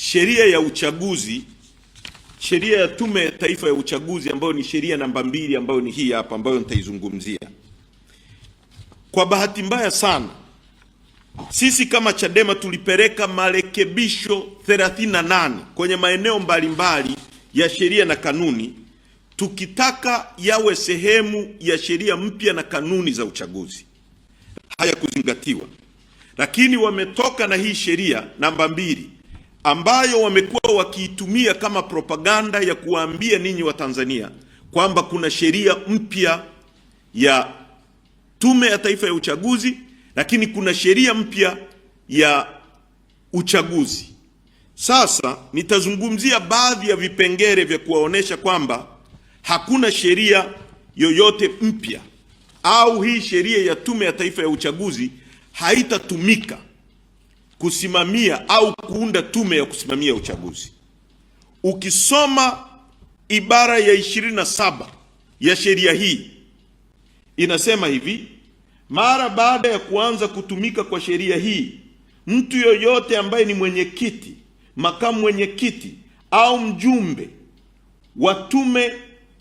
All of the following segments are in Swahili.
sheria ya uchaguzi, sheria ya Tume ya Taifa ya Uchaguzi ambayo ni sheria namba mbili ambayo ni hii hapa ambayo nitaizungumzia. Kwa bahati mbaya sana, sisi kama Chadema tulipeleka marekebisho 38 kwenye maeneo mbalimbali mbali ya sheria na kanuni tukitaka yawe sehemu ya sheria mpya na kanuni za uchaguzi. Hayakuzingatiwa, lakini wametoka na hii sheria namba mbili ambayo wamekuwa wakiitumia kama propaganda ya kuwaambia ninyi wa tanzania kwamba kuna sheria mpya ya Tume ya Taifa ya Uchaguzi, lakini kuna sheria mpya ya uchaguzi. Sasa nitazungumzia baadhi ya vipengele vya kuwaonesha kwamba hakuna sheria yoyote mpya au hii sheria ya Tume ya Taifa ya Uchaguzi haitatumika kusimamia au kuunda tume ya kusimamia uchaguzi. Ukisoma ibara ya saba ya sheria hii inasema hivi: mara baada ya kuanza kutumika kwa sheria hii, mtu yoyote ambaye ni mwenyekiti, makamu mwenyekiti au mjumbe wa tume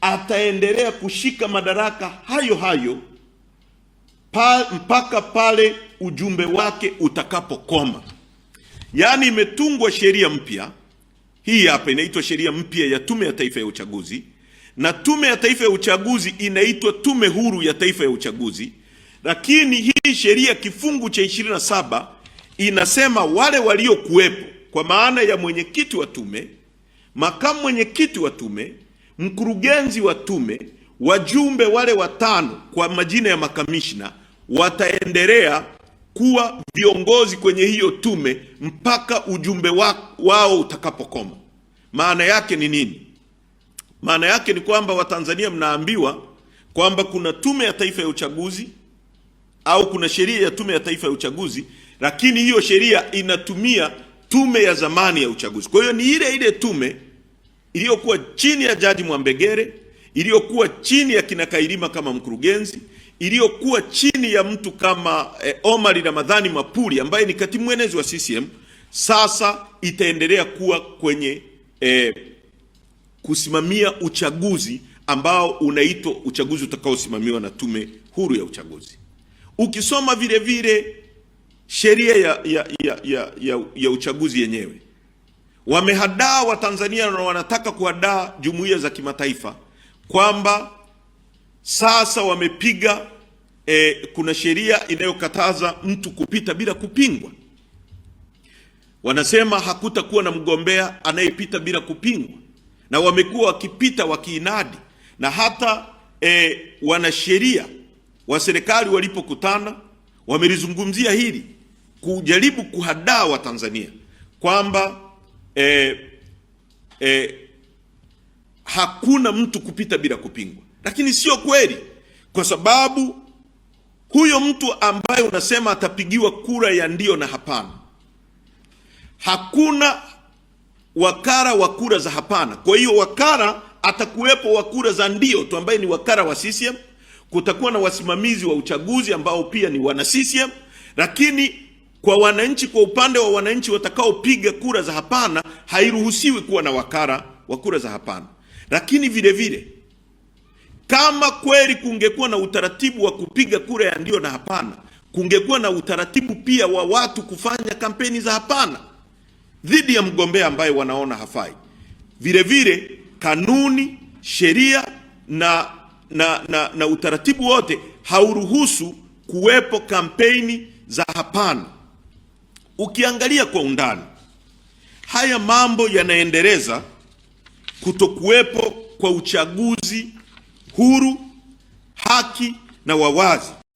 ataendelea kushika madaraka hayo hayo pa, mpaka pale ujumbe wake utakapokoma. Yaani imetungwa sheria mpya, hii hapa inaitwa sheria mpya ya Tume ya Taifa ya Uchaguzi, na Tume ya Taifa ya Uchaguzi inaitwa Tume Huru ya Taifa ya Uchaguzi. Lakini hii sheria kifungu cha 27 inasema wale waliokuwepo, kwa maana ya mwenyekiti wa tume, makamu mwenyekiti wa tume, mkurugenzi wa tume, wajumbe wale watano kwa majina ya makamishna wataendelea kuwa viongozi kwenye hiyo tume mpaka ujumbe wa, wao utakapokoma. Maana yake ni nini? Maana yake ni kwamba Watanzania mnaambiwa kwamba kuna tume ya taifa ya uchaguzi au kuna sheria ya tume ya taifa ya uchaguzi, lakini hiyo sheria inatumia tume ya zamani ya uchaguzi. Kwa hiyo ni ile ile tume iliyokuwa chini ya Jaji Mwambegere, iliyokuwa chini ya kina Kailima kama mkurugenzi iliyokuwa chini ya mtu kama eh, Omari Ramadhani Mapuri ambaye ni katibu mwenezi wa CCM sasa itaendelea kuwa kwenye e, kusimamia uchaguzi ambao unaitwa uchaguzi utakaosimamiwa na Tume Huru ya Uchaguzi. Ukisoma vile vile sheria ya, ya, ya, ya, ya, ya uchaguzi yenyewe wamehadaa Watanzania na wanataka kuhadaa jumuiya za kimataifa kwamba sasa wamepiga e, kuna sheria inayokataza mtu kupita bila kupingwa. Wanasema hakutakuwa na mgombea anayepita bila kupingwa, na wamekuwa wakipita wakiinadi, na hata e, wanasheria wa serikali walipokutana wamelizungumzia hili kujaribu kuhadaa tanzania kwamba e, e, hakuna mtu kupita bila kupingwa lakini sio kweli, kwa sababu huyo mtu ambaye unasema atapigiwa kura ya ndio na hapana, hakuna wakara wa kura za hapana. Kwa hiyo wakara atakuwepo wa kura za ndio tu, ambaye ni wakara wa CCM. Kutakuwa na wasimamizi wa uchaguzi ambao pia ni wana CCM, lakini kwa wananchi, kwa upande wa wananchi watakaopiga kura za hapana, hairuhusiwi kuwa na wakara wa kura za hapana, lakini vile vile kama kweli kungekuwa na utaratibu wa kupiga kura ya ndio na hapana, kungekuwa na utaratibu pia wa watu kufanya kampeni za hapana dhidi ya mgombea ambaye wanaona hafai. Vile vile kanuni, sheria na, na, na, na utaratibu wote hauruhusu kuwepo kampeni za hapana. Ukiangalia kwa undani, haya mambo yanaendeleza kutokuwepo kwa uchaguzi huru, haki na wawazi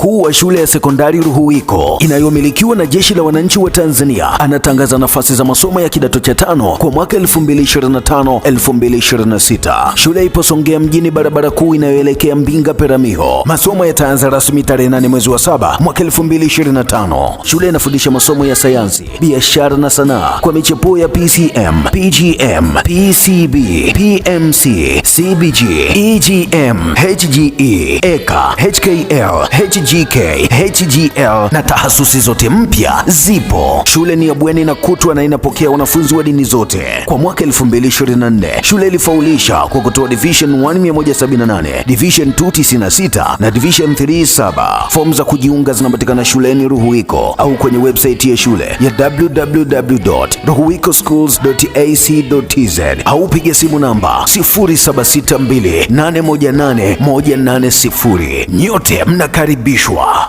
mkuu wa shule ya sekondari Ruhuwiko inayomilikiwa na Jeshi la Wananchi wa Tanzania anatangaza nafasi za masomo ya kidato cha tano kwa mwaka 2025 2026. Shule ipo Songea mjini, barabara kuu inayoelekea Mbinga Peramiho. Masomo yataanza rasmi tarehe 8 mwezi wa 7 mwaka 2025. Shule inafundisha masomo ya sayansi, biashara na sanaa kwa michepuo ya PCM, PGM, PCB, PMC, CBG, EGM, HGE, EKA, HKL, HG GK, HGL na tahasusi zote mpya zipo. Shule ni ya bweni na kutwa na inapokea wanafunzi wa dini zote. Kwa mwaka 2024 shule ilifaulisha kwa kutoa division 1178 178, division 296 na division 37 Fomu za kujiunga zinapatikana shuleni Ruhuwiko au kwenye website ya shule ya www.ruhuwikoschools.ac.tz au piga simu namba 0762818180. Nyote mnakaribishwa. 说。